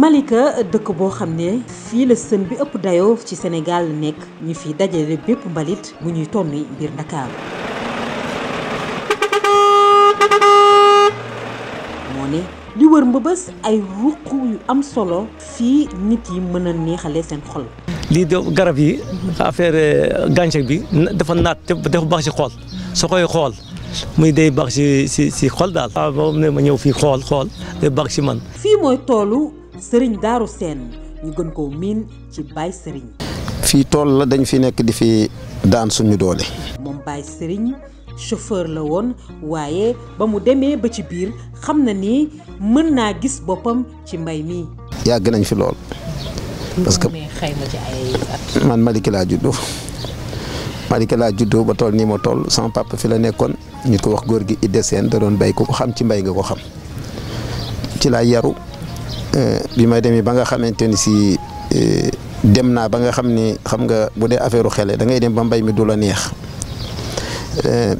Malika dëkk boo xam ne fii la sën bi ëpp dayoo ci Sénégal la nekk ñu fi dajale bépp mbalit bu ñuy tonni biir Ndakaaru moo ne li wër mbëbës ay ruq yu am solo ci nit yi mën a neexale seen xol lii de garab yi affaire eh, gàncax bi dafa naat te dafa baax ci xol su koy xool muy day baax si si si daal. waaw moom ne ma ñëw fii xool xool day baax si man. fii mooy toolu sëriñ Darou seen ñu gën koo miin ci baay sëriñ fii tool la dañu fi nekk di fi daan suñu doole. moom Baye Serigne chauffeur la woon waaye ba mu demee ba ci biir xam na ni mën naa gis boppam ci mbay mi. yàgg nañ fi lool. parce que man Malika laa juddoo. Malika laa juddoo ba tool nii ma tool sama papa fi la nekkoon ñu ko wax góor gi Idda Seen da doon béy ko ko xam ci mbéy nga ko xam ci laa yaru euh, bi ma demee ba nga xamante ni si euh, dem naa ba nga xam ni xam nga bu dee affaire u xele da ngay dem ba mbay mi du la neex euh,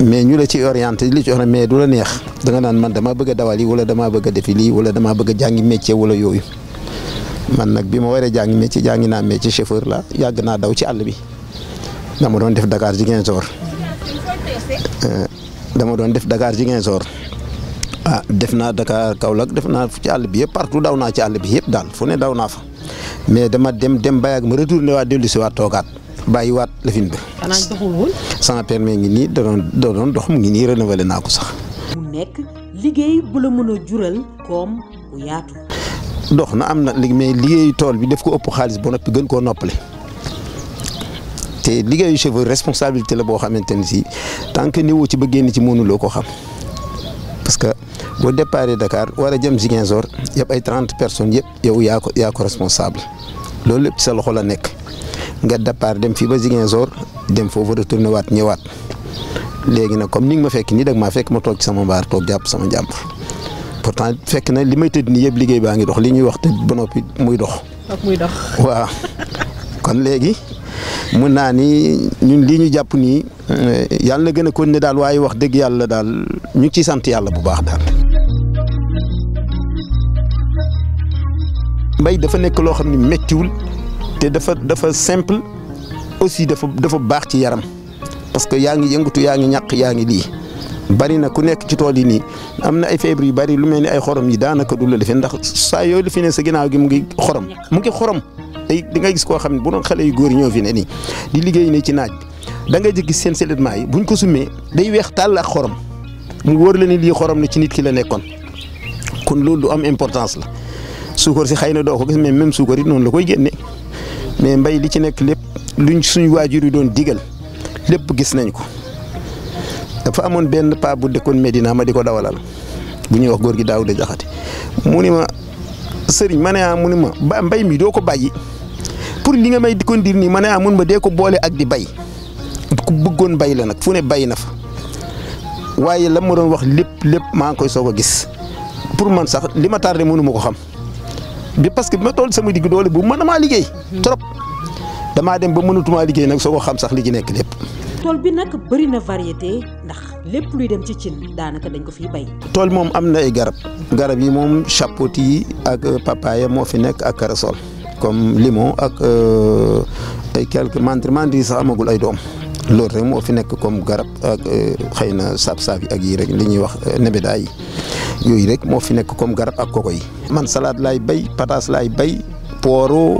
mais ñu la ci orienté li ci wax mais du la neex danga nga naan man dama bëgg a dawal yi wala damaa bëgg a defi lii wala damaa bëgg a jàngi métier wala yooyu man nag bi ma waree jàngi métier jàngi naa métier chauffeur la yàgg naa daw ci àll bi. dama doon def dakaar Dakar Ziguinchor eh, dama doon def dakaar Dakar Ziguinchor ah def naa Dakar Kaolack def naa ci àll bi yëpp partout daw naa ci àll bi yëpp daal fu ne daw naa fa mais dama dem dem ba yàgg ma retourné waat dellu si waat toogaat bàyyi waat lëfin bi. xanaa doxul woon. ngi nii da da doon dox mu ngi nii renouvelé naa ko sax. mu nekk liggéey bu la mën a jural koom bu yaatu. na am na mais liggéeyu tool bi def ko ëpp xaalis ba noppi gën koo noppale. te liggéeyu chauffeur responsabilité la boo xamante ni si tant que néew ci ba génn ci mënuloo ko xam parce que boo déparé Dakar war a jëm Ziguinchor yëpp ay trente personnes yëpp yow yaa ko yaa ko responsable loolu lépp sa loxo la nekk nga départ dem fii ba Ziguinchor dem foofu retourné waat ñëwaat léegi nag comme ni nga ma fekk nii dag maa fekk ma toog ci sama mbaar toog jàpp sama jàmbur pourtant fekk na li may tëdd nii yëpp liggéey baa ngi dox li ñuy wax tëdd ba noppi muy dox. muy mun naa ni ñun lii ñu jàpp nii eh, yàlla na gën a continuer daal waaye wax dëgg yàlla daal ñu ngi ciy sant yàlla bu baax daal. mbay dafa nekk loo xam ne méttiwul te dafa dafa simple aussi dafa dafa baax ci yaram parce que yaa ngi yëngatu yaa ngi ñàq yaa ngi lii. bari na ku nekk ci tool yi nii am na ay feebar yu bari lu mel ni ay xorom yi daanaka du la defee ndax saa yooyu la fi ne sa ginnaaw gi mu ngi xorom mu ngi xorom. day da ngay gis koo xam ne bu doon xale yu góor ñoo fi ne nii di liggéey ne ci naaj bi da ngay gis seen selitement yi buñ ko summee day weex tàll ak xorom mu wóor la ni lii xorom ne ci nit ki la nekkoon kon loolu lu am importance la suukar si xëy na doo ko gis mais même suukar it noonu la koy génne mais mbay li ci nekk lépp luñ suñu waajur yi doon diggal lépp gis nañ ko dafa amoon benn paa bu dëkkoon Medina ma di ko dawalal bu ñuy wax góor gi daaw da jaxate mu ni ma sëriñ ma ne ah mu ni ma mbay mi doo ko bàyyi pour li nga may di ko ma ne ah mun ma dee ko boole ak di bay ku bëggoon bay la nag fu ne bay na fa waaye la ma doon wax lépp lépp maa ngi koy soog a gis pour man sax li ma tardé mënu ko xam bi parce que bi ma toll sama digg doole bu mën a maa liggéey trop damaa dem ba mënatumaa liggéey nag soo ko xam sax li ci nekk lépp. tool bi nag bari na variété ndax lépp luy dem ci cin daanaka dañ ko fi bay. tool moom am na ay garab garab yi moom chapeauté yi ak papaye moo fi nekk ak corossol. comme limon ak euh, ay quelques mentri mentri sax amagul ay doom loolu rek moo fi nekk comme garab ak euh, xëy na saab-saab yi ak yi rek li ñuy wax euh, nebedaay yi yooyu rek moo fi nekk comme garab ak koko yi man salaat laay bay pataas laay bay pooro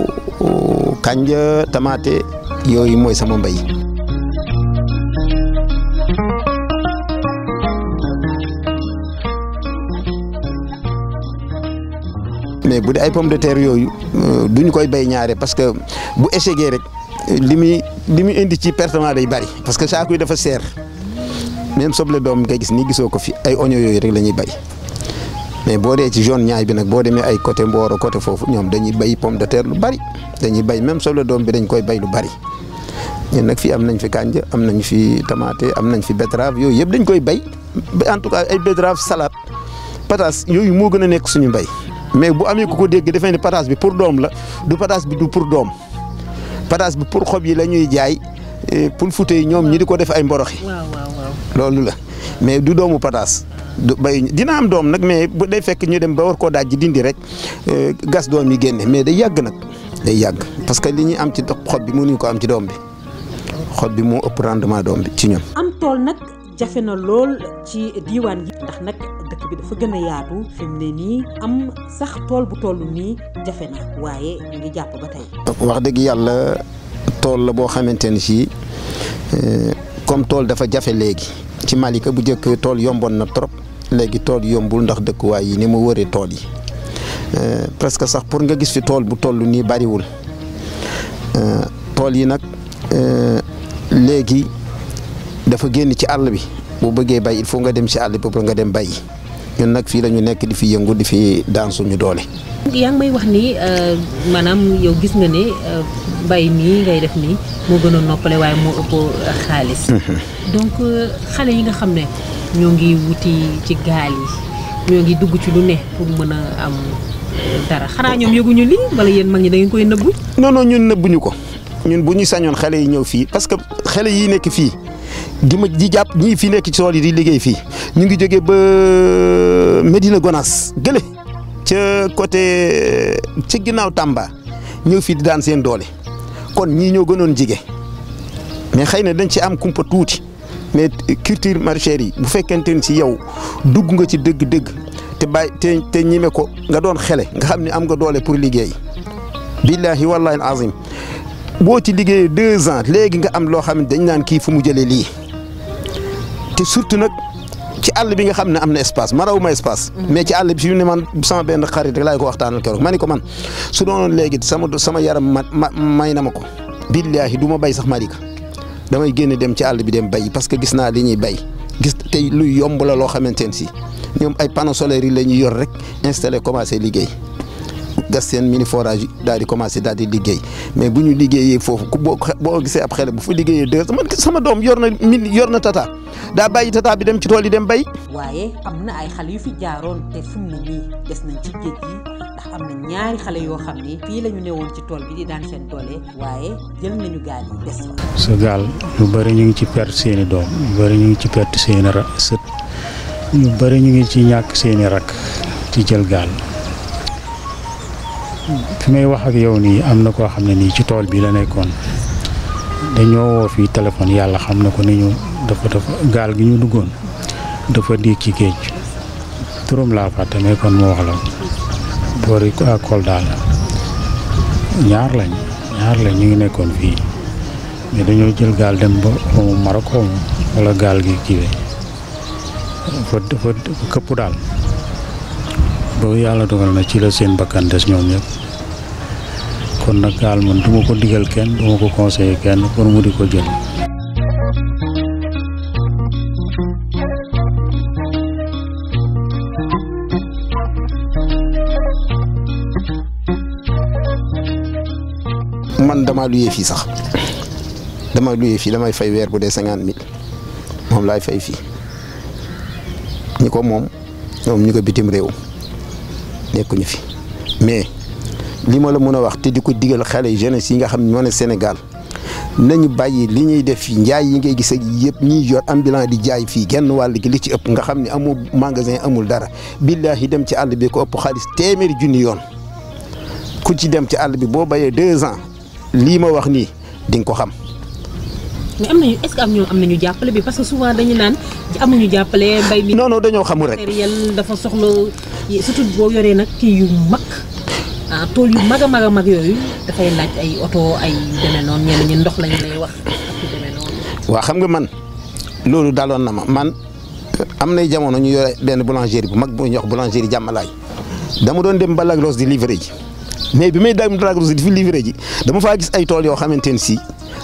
kanja tamaate yooyu mooy sama mbay mais bu dee ay pomme de terre yooyu euh, du ñu koy bay ñaare parce que bu échecgee rek li muy li muy indi ci pertement day bari parce que saaku yi dafa seer même soble doom ngay gis nii gisoo ko fi ay oignon yooyu rek la ñuy bay mais boo dee ci zone ñaay bi nag boo demee ay côté Mboro côté foofu ñoom dañuy bay pomme de terre lu dañuy bay même soble doom bi dañ koy bay lu bari. ñun nag fii am nañ fi kànja am nañ fi tamaate am nañ fi betterave yooyu yëpp dañ koy bay en tout cas ay betterave salade patas yooyu moo gën a nekk suñu mbay mais bu amee ku ko dégg defee ne pataas bi pour doom la du pataas bi du pour doom pataas bi pour xob yi la ñuy jaay eh, pour fute yi ñoom ñi di ko def ay mboroxi loolu la mais du doomu pataas du bay dina am doom nag mais bu dee fekk ñu dem ba war koo daaj ji dindi rek eh, gas doom yi génne mais day yàgg nag day yàgg parce que li ñuy am ci xob bi mënuñu ko am ci doom bi xob bi moo ëpp rendement doom bi ci ñoom. am tool nag jafe na lool ci diiwaan yi ndax nag. bi dafa gën a yaatu fi ne nii am sax tool bu toll nii jafe na waaye ngi jàpp ba tey. wax dëgg yàlla tool la boo xamante ni si eh, comme tool dafa jafe léegi ci Malika bu njëkk tool yomboon na trop léegi tool yombul ndax dëkkuwaay yi ni mu wëree tool yi eh, presque sax pour nga gis fi tool bu toll nii bariwul eh, tool yi nag léegi dafa génn ci àll bi. boo bëggee bay il faut nga dem ci àll bi pour nga dem bay ñun nag fii lañu nekk di fi yëngu di fi daan suñu doole. yaa ngi may wax ni euh, maanaam yow gis nga ne euh, mbay mi ngay def nii moo gën a noppale waaye moo ëpp euh, xaalis. Mhm. donc xale yi nga xam ne ñoo ngi wuti ci gaal yi ñoo ngi dugg ci lu ne pour mën a am dara xanaa ñoom yëguñu lii wala yéen mag ñi da ngeen koy nëbbu. non ñun nëbbuñu ko ñun bu ñu sañoon xale yi ñëw fii parce que xale yi nekk fii di ma di jàpp ñii fii nekk ci tool yi di liggéey fii. ñu ngi jóge ba Medina gonas gële ca côté ci ginnaaw Tamba ñëw fii di daan seen doole kon ñii ñëw gënoon jige mais xëy na dañ ci am kumpa tuuti mais culture maraîchère yi bu fekkente ni ci yow dugg nga ci dëgg-dëgg te bàyyi te te ñime ko nga doon xele nga xam ne am nga doole pour liggéey billahi wallahi azim boo ci liggéeyee deux ans léegi nga am loo xam ne dañ naan kii fu mu jëlee lii te surtout nag. ci àll bi nga xam ne am na espace maraw ma espace. Mhm. mais ci àll bi fi mu ne man sama benn xarit rek laay ko waxtaanal keroog ma ni ko man su doon léegi sama sama yaram ma may na ma ko. billaahi du ma bay sax ma Malika damay génn dem ci àll bi dem bay parce que gis naa li ñuy bay gis tey luy yomb la loo xamante ne si ñoom ay panneaux solaires yi ñuy yor rek installé commencé liggéey. gas seen mini forage yi daal di commencé daal di liggéey mais bu ñu liggéeyee foofu ku boo boo gisee ab xale bu fa liggéeyee deux man sama doom yor na mini yor na tata daa bàyyi tata bi dem ci tool yi dem bay waaye am na ay xale yu fi jaaroon te fi mu ne des nañ ci géej ndax am na ñaari xale yoo xam ni fii la ñu newoon ci tool bi di daan seen doole waaye jël nañu gaal yi des fa. gaal ñu bëri ñu ngi ci perte seeni doom ñu bëri ñu ngi ci perte seeni ra sët ñu ngi ci ñàkk seeni rakk gaal. fi may wax ak yow nii am na koo xam ne nii ci tool bii la nekkoon dañoo woo fii téléphone yàlla xam na ko ni ñu dafa dafa gaal gi ñu duggoon dafa diig ci géej turam laa fàtte mais kon mu wax la boori ak Kolda la ñaar lañ ñaar lañ ñu ngi nekkoon fii mais dañoo jël gaal dem ba xamu Maroc wala gaal gi kiiwee fa dafa këpp daal ba yàlla dogal na ci la seen bakkan des ñoom ñëpp kon nag gaal man du ma ko digal kenn du ko conseiller kenn pour mu di ko jël. man damaa luyee fii sax damay luyee fii damay fay weer bu dee cinquante mille moom laay fay fii ñi ko moom ñu ko bitim réew. ñu fi mais li ma la mën a wax te di ko digal xele jeunesse yi nga xam ne ñoo ne Sénégal nañu bàyyi li ñuy def fii njaay yi ngay gis ak yëpp ñuy yor ambulant di jaay fii genn wàll gi li ci ëpp nga xam ni amul magasin amul dara billaahi dem ci àll bi ko ëpp xaalis téeméeri junni yoon ku ci dem ci àll bi boo bayee deux ans lii ma wax ni di nga ko xam. mais am nañu est-ce ñoo am nañu jàppale bi parce que souvent dañu naan amuñu jàppale mbay mi. non dañoo xamul rek matériel dafa soxla surtout boo yoree nag kii yu mag ah tool yu mag yooyu oto ay demee xam nga man loolu daloon na ma man eh, am na jamono ñu yore benn boulangerie bu mag bu ñuy wax boulangerie jàmmalaay dama doon dem ba Lagos di livrer ji mais bi may dem Lagos di fi livrer ji dama faa gis ay tool yoo xamante ne si.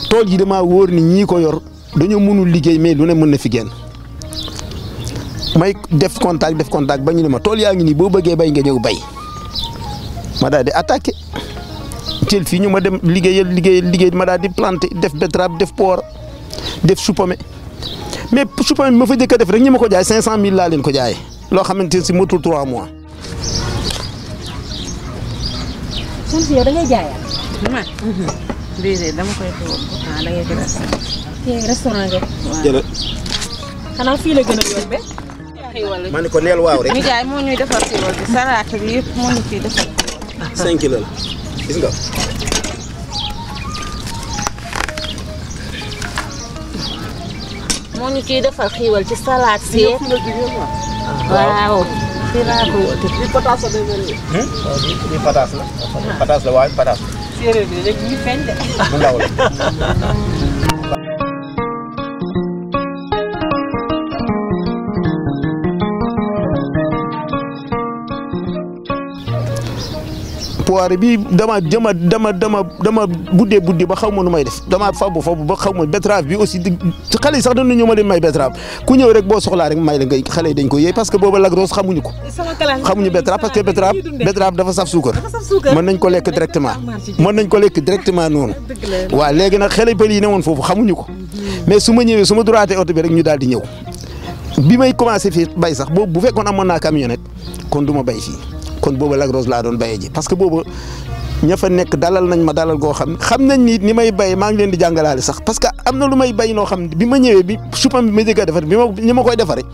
tool yi damaa wóor ni ñii ko yor dañoo mënul liggéey mais lu ne mën na fi génn may def contact def contact ba ñu ne ma tool yaa ngi nii boo bëggee bay nga ñëw bay ma daal di attaqué jël fii ñu ma dem liggéeyal liggéeyal liggéey ma daal di planté def betterave def poor def supame mais supame ma fa njëkk def rek ñu ma ko jaay 500000 laa leen ko jaayee loo xamante ne si motul trois mois. yow déedéet dama koy togg. ah da ngay def restaurant. jërëjëf. xanaa fii la gën a yombe. ma ne ko neel waaw rek. Ndiaye moo ñuy defar xiiwal bi saraate bi yëpp moo ñu ciy defar. 5 kilos la gis nga. moo ñu ciy defar xiiwal ci salade si. waaw. fii laa ko wote. bi hmm? pataas la. waaw bi pataas la waaye pataas la. séeréer bi rek ñu fenn de. bu ndaw la. foire bi dama dama dama dama dama buddee buddi ba xaw ma nu may def dama fabu fabu ba xaw ma betterave bi aussi xale yi sax dañu ñëw ma leen may betterave ku ñëw rek boo soxlaa rek may la ngay xale yi dañ ko yëy parce que booba lagros xamuñu ko xamuñu betterave parce que betterave betterave dafa saf suukar mën nañ ko lekk directement mën nañ ko lekk directement noonu waaw léegi nag xale pël yi ne woon foofu xamuñu ko mhm. mais su ma ñëwee su ma droité oto bi rek ñu daal di ñëw bi may commencé fii bay sax boobu bu fekkoon amoon naa camionnette kon du ma bay fii kon booba Lac Rose laa doon bayee ji parce que booba ña fa nekk dalal nañ ma dalal goo xam xam nañ ni ni may bay maa ngi leen di jàngalaale sax parce que am na lu may bay noo xam bi ma ñëwee bi supam bi ma jëkk a defar bi ma ni ma koy defaree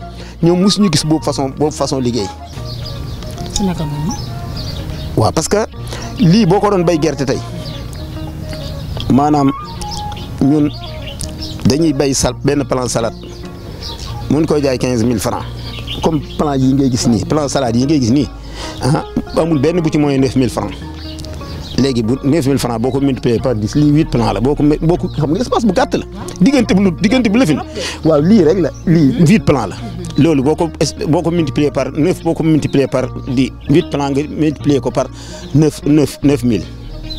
gis boobu façon boobu façon liggéey. waaw parce que lii boo ko doon bay gerte tey maanaam ñun dañuy bay sal benn plan salade mun koy jaay quinze mille francs comme plan yi ngay gis nii plan salade yi ngay gis nii. ah amul benn bu ci mooy neuf mille francs léegi bu neuf mille francs boo ko multiplier par dix lii huit plan la boo ko boo ko xam nga espace bu gàtt la diggante bu diggante bu rek la lii huit plan la loolu boo ko boo ko multiplier par neuf boo ko multiplier par di huit plan nga multiplier ko par neuf neuf neuf mille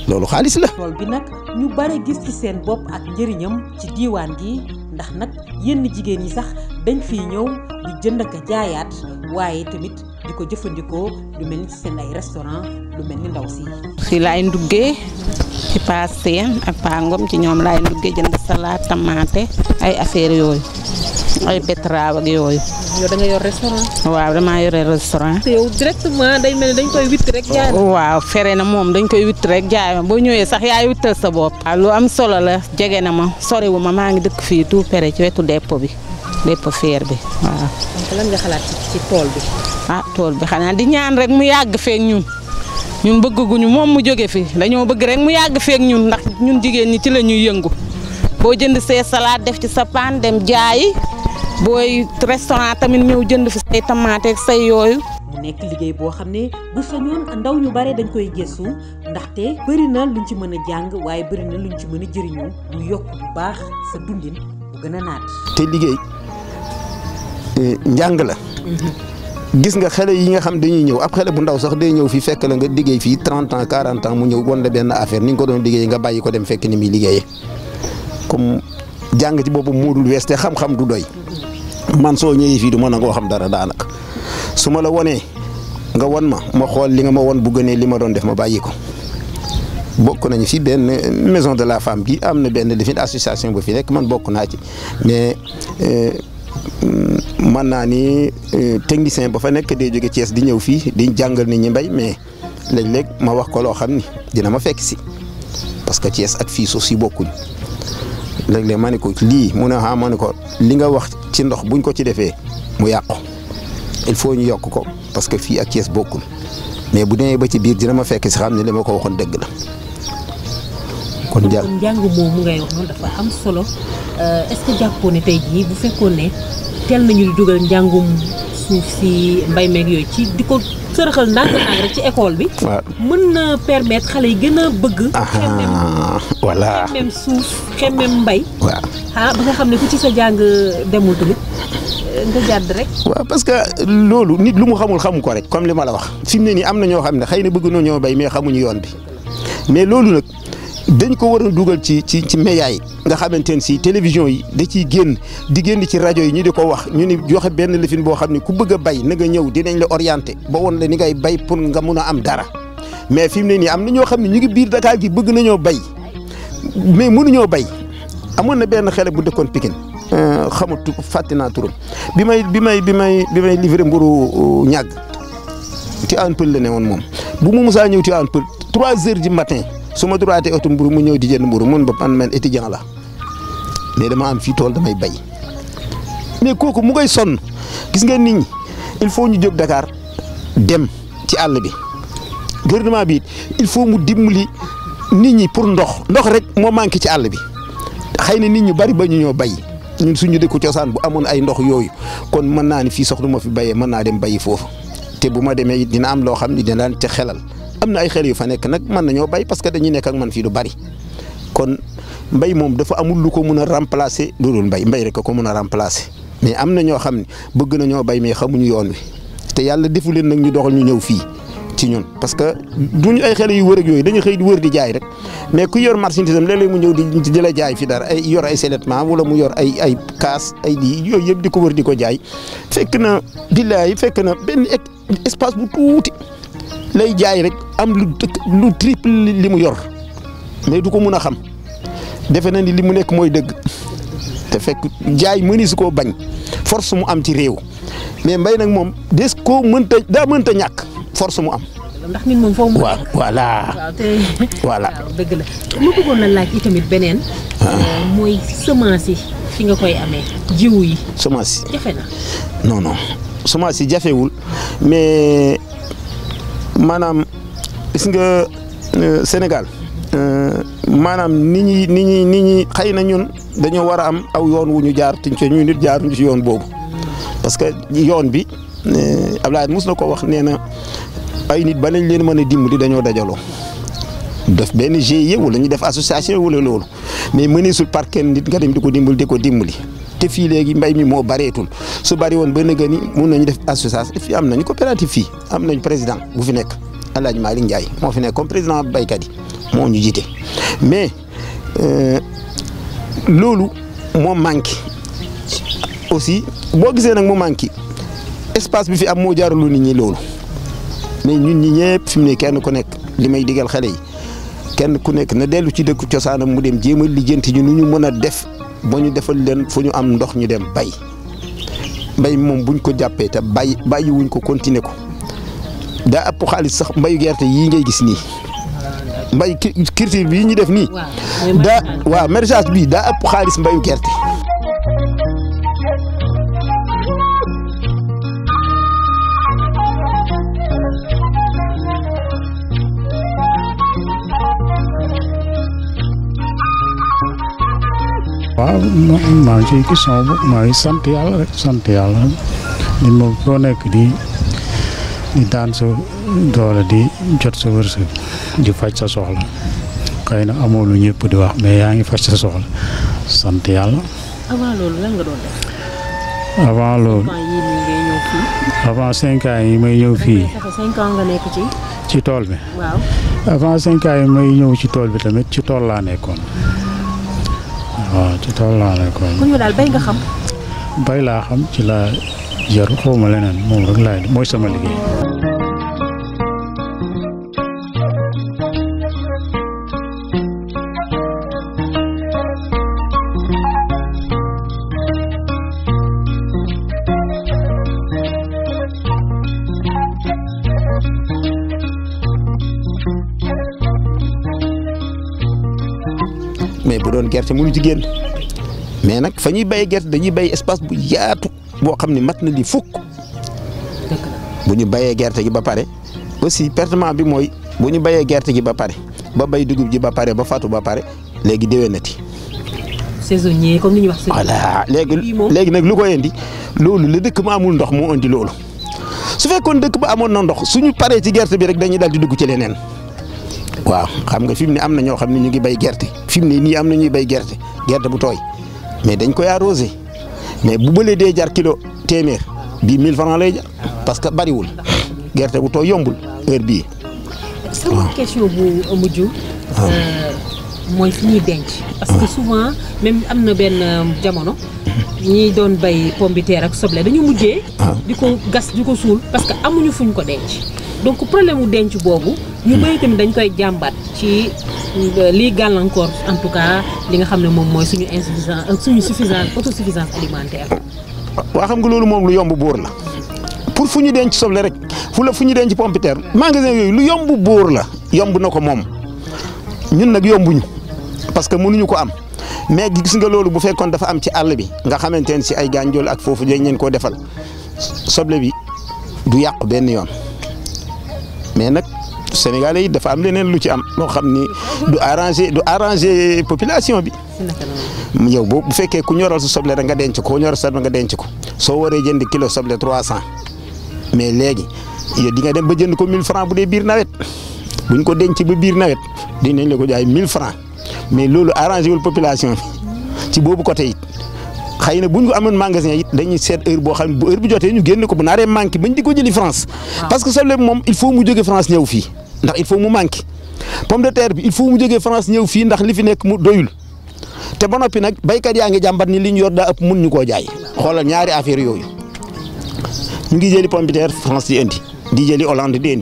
loolu xaalis la. tool bi nag ñu bare gis ci seen bopp ak njëriñam ci diiwaan gi ndax nag yenn jigéen ñi sax dañ fi ñëw di jënd ak jaayaat waaye tamit. di ko jëfandikoo lu mel ni seen ay restaurant lu mel ni ndaw si. si laay ci ak pangom ci ñoom lay nduggee jënd salade tomate ay affaire yooyu ay betterave ak yooyu. waaw damaa yore restaurant. dañ koy witt rek. jaay waaw fere na moom dañ koy witt rek jaay ma boo ñëwee sax yaay wittal sa bopp. waaw lu am solo la jege na ma soriwu ma maa ngi dëkk fii tout pere ci wetu dépôt bi dépôt feer bi waaw. lan xalaat ci tool bi. Ah, tool bi xanaa di ñaan rek mu yàgg feek ñun ñun bëgguñu moom mu jóge fi dañoo bëgg rek mu yàgg feek ñun ndax ñun jigéen ñi ci la ñuy yëngu boo jënd see salaat def ci sa paan dem jaayi booy restaurant tamit ñëw jënd fi say tamaate ak say yooyu. mu nekk liggéey boo xam ne bu sañoon ndaw ñu bare dañ koy gëstu ndaxte bëri na luñ ci mën a jàng waaye bëri na luñ ci mën a jëriñoo mu yokk bu baax sa dundin bu gën a naat. te liggéey. njàng la. gis nga xele yi nga xam dañuy ñëw ab xale bu ndaw sax day ñëw fii fekk la nga liggéey fii 30 ans 40 ans mu ñëw wan la benn affaire ni nga ko doon liggéey nga bàyyi ko dem fekk ni muy liggéeyee comme jàng ci boppam moo dul wees te xam-xam du doy man soo ñëwee fii du ma nangoo xam dara daanaka su ma la wonee nga won ma ma xool li nga ma won bu gënee li ma doon def ma bàyyi ko bokk nañu fi benn maison de la femme bi am na benn dafin association bu fi nekk man bokk naa ci mais. Euh, man naa ni euh, technicien ba fa nekk day jóge Thiès di ñëw fii di jàngal ni ñi mbay mais léeg-léeg ma wax ko loo xam ni dina ma fekk si parce que Thiès ak fii suuf si bokkuñ léeg-léeg ma ne ko lii mu ne ah ma ne ko li nga wax ci ndox buñ ko ci defee mu yàqu il faut ñu yokk ko parce que fii ak Thiès bokkul mais bu demee ba ci biir dina ma fekk si xam ne li ma ko waxoon dëgg la. kon jàng moomu ngay wax noonu dafa am solo Euh, est-ce jàppoo ne tey jii bu fekkoon ne teel nañu dugal njàngum suuf si mbay meeg yooyu ci di ko sërëxal ndànk ndànk rek ci école bi. waaw mën na permettre xale yi gën a bëgg. Ah, xemmem voilà xemmem suuf xemmem mbay. waaw ah nga xam ne ku ci sa jàng demul tamit euh, nga jàdd rek. waaw parce que loolu nit lu mu xamul xamu ko rek comme li ma la wax. fi mu ne nii am na ñoo xam ne xëy na bëgg na ñoo bay mais xamuñu yoon bi mais loolu nag. dañ ko war a dugal ci ci ci média yi nga xamante ne si télévision yi da ciy génn di génn ci rajo yi ñu di ko wax ñu ni joxe benn lifin boo xam ne ku bëgg a bay na nga ñëw dinañ la orienté boo woon la ni ngay bay pour nga mun a am dara mais fi mu ne nii am na ñoo xam ne ñu ngi biir Dakar gi bëgg nañoo bay mais mënuñoo bay amoon na benn xele bu dëkkoon Pikine euh, xamut fàtte naa turam bi may bi may bi may bi may livré mburu euh, ñàgg Tivaouane Peulh la ne moom bu mu musaa ñëw Tivaouane Peulh trois heures du matin su ma droité oto mburu mu ñëw di jënd mburu mun ba man man étudiant la mais dama am fii tool damay bay mais kooku mu ngay sonn gis nga nit il faut ñu jóg dakaar dem ci àll bi gouvernement biit il faut mu dimbali nit ñi pour ndox ndox rek moo manqué ci àll bi xëy na nit ñu bari ba ñu ñoo bay ñun suñu dëkku cosaan bu amoon ay ndox yooyu kon mën naa ni fii soxla moo fi bayee mën naa dem bayi foofu te bu ma demee dina am loo xam ne dina daan te xelal am na ay xel yu fa nekk nag mën nañoo bay parce que dañuy nekk man fii lu bari kon mbay moom dafa amul lu ko mun a remplacer lu dul mbay mbay rek ko mun a remplacer mais am na ñoo xam ne bëgg nañoo bay mais xamuñu yoon wi te yàlla defu leen nag ñu doxal ñu ñëw fii ci ñoon parce que duñu ay xele yu wër yooyu dañu xëy di wër di jaay rek mais ku yor marchandise am mu ñëw di di la jaay fi dara ay yor ay seletement wala mu yor ay ay kaas ay lii yooyu yëpp di ko wër di ko jaay fekk na billaay fekk na benn e-, espace bu tuuti. lay jaay rek am lu lu triple li mu yor mais du ko mun a xam defe na ni li mu nekk mooy dëgg te fekk jaay mënis koo bañ force mu am ci réew mais mbay nag moom des koo mënta daa mënta ñàkk force mu am. ndax nit moom foofu waaw voilà voilà dëgg la ma laaj itamit beneen. Ah. Euh, mooy semence yi fi nga koy amee jiwu yi. semence yi non non semence yi jafewul mais. maanaam is nga euh, Sénégal euh, maanaam nit ñi nit ñi nit ñi xëy na ñun dañoo war a am aw yoon wu ñu jaar tiñ ci ñu nit jaaruñu ci yoon boobu parce que yoon bi euh, Abdoulaye mos na ko wax nee na ay nit ba lañ leen mën a dimbali dañoo dajaloo def benn GIE wala ñu def association wala loolu mais mëneesul par kenn nit nga dem di ko dimbali di ko dimbali te fii léegi mbay mi moo bareetul su bari woon ba nëgë ni mun nañu def association fii am nañu coopérative fii am nañu président bu fi nekk El maali Malick moo fi nekk comme président baykat yi moo ñu jiite mais euh, loolu moo manqué aussi boo gisee nag mu manqué espace bi fi am moo jaaralu nit ñi loolu mais ñun ñi ñëpp fi mu ne kenn ku nekk li may digal xale yi kenn ku nekk na dellu ci dëkku cosaanam mu dem jéem a lijjanti ñu nu ñu mën a def. boo ñu defal leen foo ñu am ndox ñu dem bay mbay moom buñ ko jàppee te bàyyi bàyyiwuñ ko continuer ko daa ëpp xaalis sax mbayu gerte yii ngay gis nii mbay culture bii ñu def nii daa waaw maraîchage bi daa ëpp xaalis mbayu gerte waaw maa ngi ciy gis sama bopp maa ngi sant yàlla rek sant yàlla li ma foo nekk di di daan sa doole di jot sa wërsëg di faj sa soxla xëy na amoo ñëpp di wax mais yaa ngi faj sa soxla sant yàlla. avant loolu avant loolu yi may ñëw fii. ci. tool bi. waaw avant cinq may ñëw ci tool bi tamit ci tool laa nekkoon. waaw ci tool laa nekkoon. kon yow daal bay nga xam. bay laa xam ci laa yaru xaw ma leneen moom rek laay mooy sama liggéey. mais bu doon gerte mënu ci génn mais nag fa ñuy béyee gerte dañuy béy espace bu yaatu boo xam ni mat na li fukk bu ñu bayee gerte gi ba pare aussi pertement bi mooy bu ñu béyee gerte gi ba pare ba béy dugub ji ba pare ba fatu ba pare léegi déwénati. saisonnier comme ni ñu wax. voilà léegi léegi nag lu koy indi loolu la dëkk ma amul ndox moo indi loolu su fekkoon dëkk ba amoon na ndox suñu paree ci gerte bi rek dañuy dal di dugg ci leneen waaw xam nga fi mu am na ñoo xam ne ñu ngi bay gerte. fim mu ne nii am na ñuy béy gerte gerte bu tooy mais dañ koy arrosé mais bu bëlee dee jar kilo téeméer bii mille francs lay jar parce que bariwul gerte bu tooy yombul heure bii. sama question bu mujj. Ah. Euh, mooy fi parce que ah. souvent même am na benn euh, jamono. ñuy doon béy pomme de terre ak soble dañu mujjee. Ah. di ko gas di ko suul parce que amuñu fuñ ko denc. donc problème wu denc boobu. ñu bëri tamit dañ koy jàmbat ci euh, liy gàllankoor en tout cas li nga xam ne moom mooy suñu insuffisance ak euh, suñu suffisance autosuffisance alimentaire. waa xam nga loolu moom lu yomb bóor la pour fu ñu denc soble rek fu la fu ñu denc pompiteer magasin yooyu lu yomb bóor la yomb na ko moom ñun nag yombuñu parce que mënuñu ko am. mais gis nga loolu bu fekkoon dafa am ci àll bi nga xamante ne si ay gaañjool ak foofu dañ leen koo defal soble bi du yàq benn yoon. mais nag sénégalais yi dafa am leneen lu ci am moo xam ni du arranger du arranger population bi. yow boo bu fekkee ku ñoral su rek nga denc ko ku ñoral nga denc ko soo waree jënd kilo soble 300 mais léegi yow di nga dem ba jënd ko 1000 francs bu dee biir nawet buñ ko denc ba biir nawet dinañ la ko ay mille francs mais loolu arrangé wul population bi ci boobu côté it. xëy na bu ñu amoon magasin it dañu seet heure boo xam ne bu heure bu jotee ñu génn ko bu naaree manqué bañ di ko jëli France. parce que soble bi moom il faut mu jóge France ñëw fii ndax il faut mu manqué pomme de terre bi il faut mu jógee France ñëw fii ndax li fi nekk mu doyul. te ba noppi nag béykat yaa ngi jàmbat ni li ñu yor daa ëpp mun ñu koo jaay xoolal ñaari affaire yooyu ñu ngi jëli pomme de terre France di indi di jëli Hollande di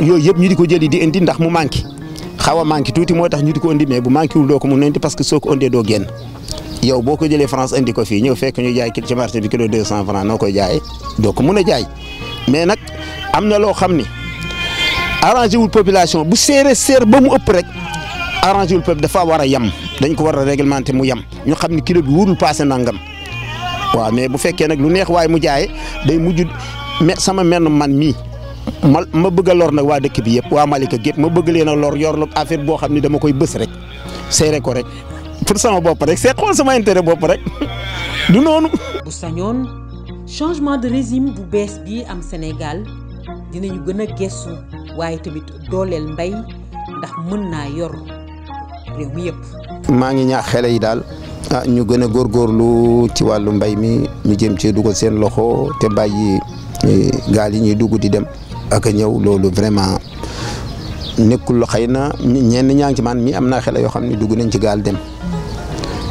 yooyu yëpp ñu di ko jëli di indi ndax mu manqué. xaw a manqué tuuti moo tax ñu di ko indi mais bu manqué wul doo ko mun a que soo ko indee doo yow boo ko jëlee France indi ko fii ñëw fekk ñu jaay ci marché bi kilo 200 francs noo koy jaayee doo ko mun a jaay mais nag am na loo xam ni arrangé wul population bu seeree seer ba mu ëpp rek arrangé wul peuple dafa war a yem dañ ko war a réglementé mu yem ñu xam ni kilo bi wurul passé nangam waaw mais bu fekkee nag lu neex waaye mu jaayee day mujj sama menn man mii. ma ma bëgg lor nag waa dëkk bi yëpp waa Malika gépp ma bëgg leen a lor yor la affaire boo xam ne dama koy bës rek seere ko rek pour sama bopp rek seet xool sama intérêt bopp rek du noonu. bu sañoon changement de régime bu bees bi am Sénégal dinañu gën a gëstu waaye tamit dooleel mbay ndax mën naa yor réew mi yëpp. maa ngi ñaax xele yi daal ah ñu gën a góorlu ci wàllu mbay mi ñu jëm ci dugal seen loxo te bàyyi eh, gaal yi ñuy dugg di dem ak ñëw loolu vraiment. nekkul la xëy na ñenn ñaa ngi ci man mi am naa xel yoo xam ne dugg nañ ci gaal dem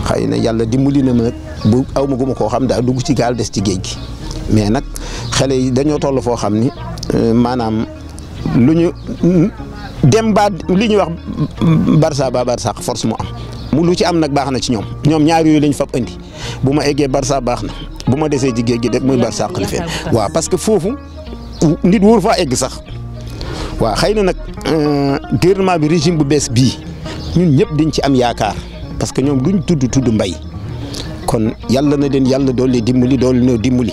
xëy na yàlla dimbali na ma nag bu aw ma guma ko xam daal dugg ci gaal des ci géej gi mais nag xale yi dañoo toll foo xam ni euh, maanaam lu ñu dem ba li ñuy wax Barça ba Barça force mu am mu lu ci am nag baax na ci ñoom ñoom ñaar yooyu lañ fab indi bu ma eggee barsa baax na bu ma desee ci géej gi def muy Barça li feen waaw parce que foofu nit wóor faa egg sax waaw xëy na nag euh, gouvernement bi régime bu bees bii ñun ñëpp dañ ci am yaakaar parce que ñoom duñ tudd tudd mbay kon yàlla na leen yàlla doole dimbali doole ñoo dimbali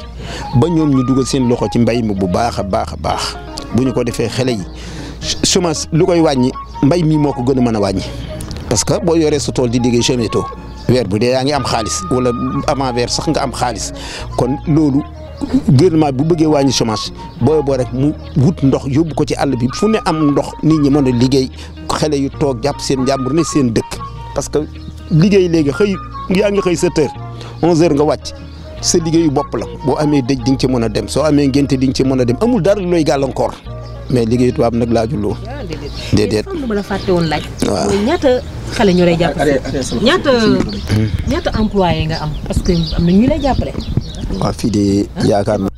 ba ñoom ñu dugal seen loxo ci mbay mi bu baax a baax a baax bu ñu ko defee xele yi semence lu koy wàññi mbay mii moo ko gën a mën a wàññi parce que boo yoree sa tool di liggéey chemeto weer bu dee yaa ngi am xaalis wala avant weer sax nga am xaalis kon loolu gouvernement bu bëggee wàññi chômage booy boo rek mu wut ndox yóbbu ko ci àll bi fu ne am ndox nit ñi mën a liggéey xale yu toog jàpp seen njàmbur ne seen dëkk parce que liggéey léegi xëy yaa ngi xëy sept heures onze nga wàcc sa liggéeyu bopp la boo amee dëj di ci mën a dem soo amee ngénte di nga mën a dem amul dara looy gàllankoor mais liggéeyu tubaab nag laajul loolu. Ah, déedéet déedéet ma la woon laaj. waaw ñaata xale ñu lay jàppale. ñaata nga am parce que am na ñu lay jàppale. waaw fii de yaakaar naa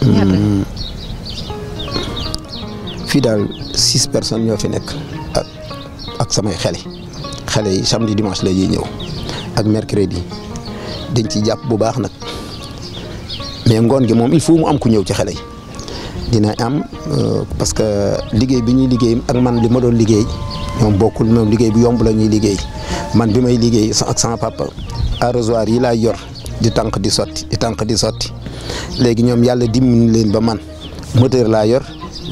hmm. fii daal six personnes ñoo fi nekk ak ak samay xele xele yi samedi dimanche la ñuy ñëw ak mercredi dañ ci jàpp bu baax nag mais ngoon gi moom il faut mu am ku ñëw ci xele yi dina am euh, parce que liggéey bi ñuy liggéey ak man li ma doon liggéey ñoom bokkul moom liggéey bu yomb la ñuy liggéey man bi may liggéey ak sama papa arrosoir yi laay yor di tànq di sotti di tànq di sotti léegi ñoom yàlla dimbali leen ba man moteur laa yor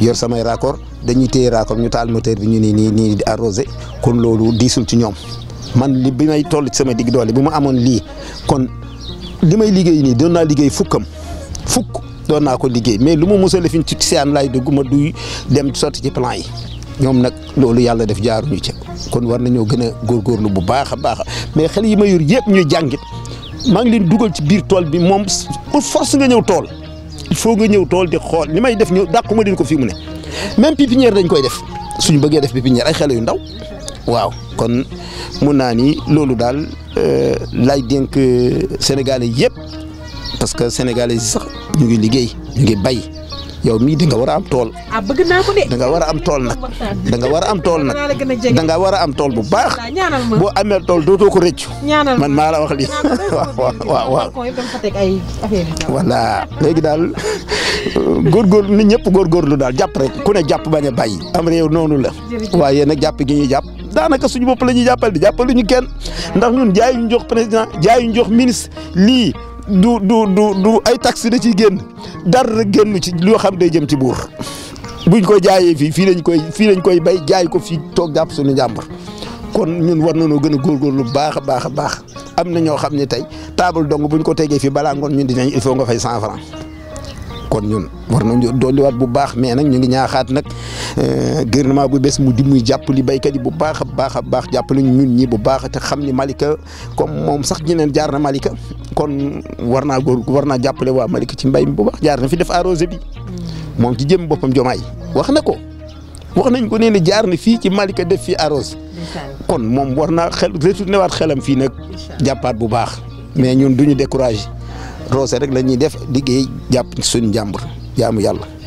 yor samay raccord dañuy téye raccord ñu taal moteur bi ñu nii nii nii di arrosé kon loolu diisul ci ñoom man li bi may toll ci sama digg doole bu ma amoon lii kon li may liggéey nii doon naa liggéey am fukk doon naa ko liggéey mais lu ma mosale fi ci seen laay dugg ma duy dem sotti ci plan yi ñoom nag loolu yàlla def jaaruñu ci kon war nañoo gën a góorgóorlu bu baax a baax mais maa ngi leen dugal ci biir tool bi moom pour force nga ñëw tool il faut nga ñëw tool di xool ni may def ñëw dàqu din ko fii mu ne même pépinière dañ koy def suñu bëggee def pépinière ay xele yu ndaw waaw kon mun naa ni loolu daal euh, laay dénk euh, sénégalais yëpp parce que sénégalais yi ñu ngi liggéey ñu ngi bay yow mi da nga war a am tool. ah bëgg war a am tool nag danga war a am tool nag da nga war a am tool bu baax. boo amee tool dootoo ko rëccu. man maa la wax lii waaw waaw waaw. léegi daal góorgóorlu nit ñëpp lu daal jàpp rek ku ne jàpp bañ a bàyyi. am réew noonu la. waaye nag jàpp gi ñuy jàpp. daanaka suñu bopp la ñuy jàppal di ñu kenn ndax ñun jaayuñu jox président jaayuñu jox ministre lii du du du du ay taxes da ciy génn dara génn ci loo xam day jëm ci buur buñ ko jaayee fii fii lañ koy fii lañ koy bay jaay ko fii toog jàpp suñu njàmbur kon ñun war na nañoo gën a lu baax a baax a baax am na ñoo xam ne tey table dong buñ ko tegee fii balaa ngoon ñun dinañ il faut nga fay cent franc kon ñun war nañu dolliwaat bu baax mais nag ñu ngi ñaaxaat nag Euh, gouvernement bu bees mu di muy jàppali béykat yi bu baax a baax a baax jàppali ñun ñi bu baax te xam ni Malika comme moom sax ñeneen jaar na Malika kon war naa góor war naa jàppale waa Malika ci mbay mi bu baax jaar na fi def arrosé bi mm. moom ci jëm boppam jomaay wax na ko wax nañ ko nee na jaar na fii ci Malika def fii arrosé kon moom war naa xel retourné waat xelam fii nag jàppaat bu baax mais ñun duñu découragé rosé rek lañuy def liggéey jàpp suñu njàmbur jaamu yàlla